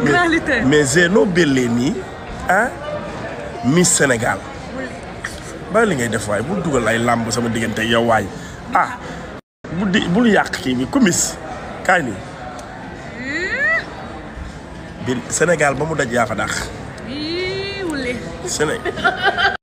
mais mais Zeyno nii ah Miss Sénégal ba li ngay def waay bul dugal ay làmb sama diggante yow waay ah bu di bul yàq kii bi kumis kaay nii Sénégal ba mu daj yaa ko dàq. Sénégal.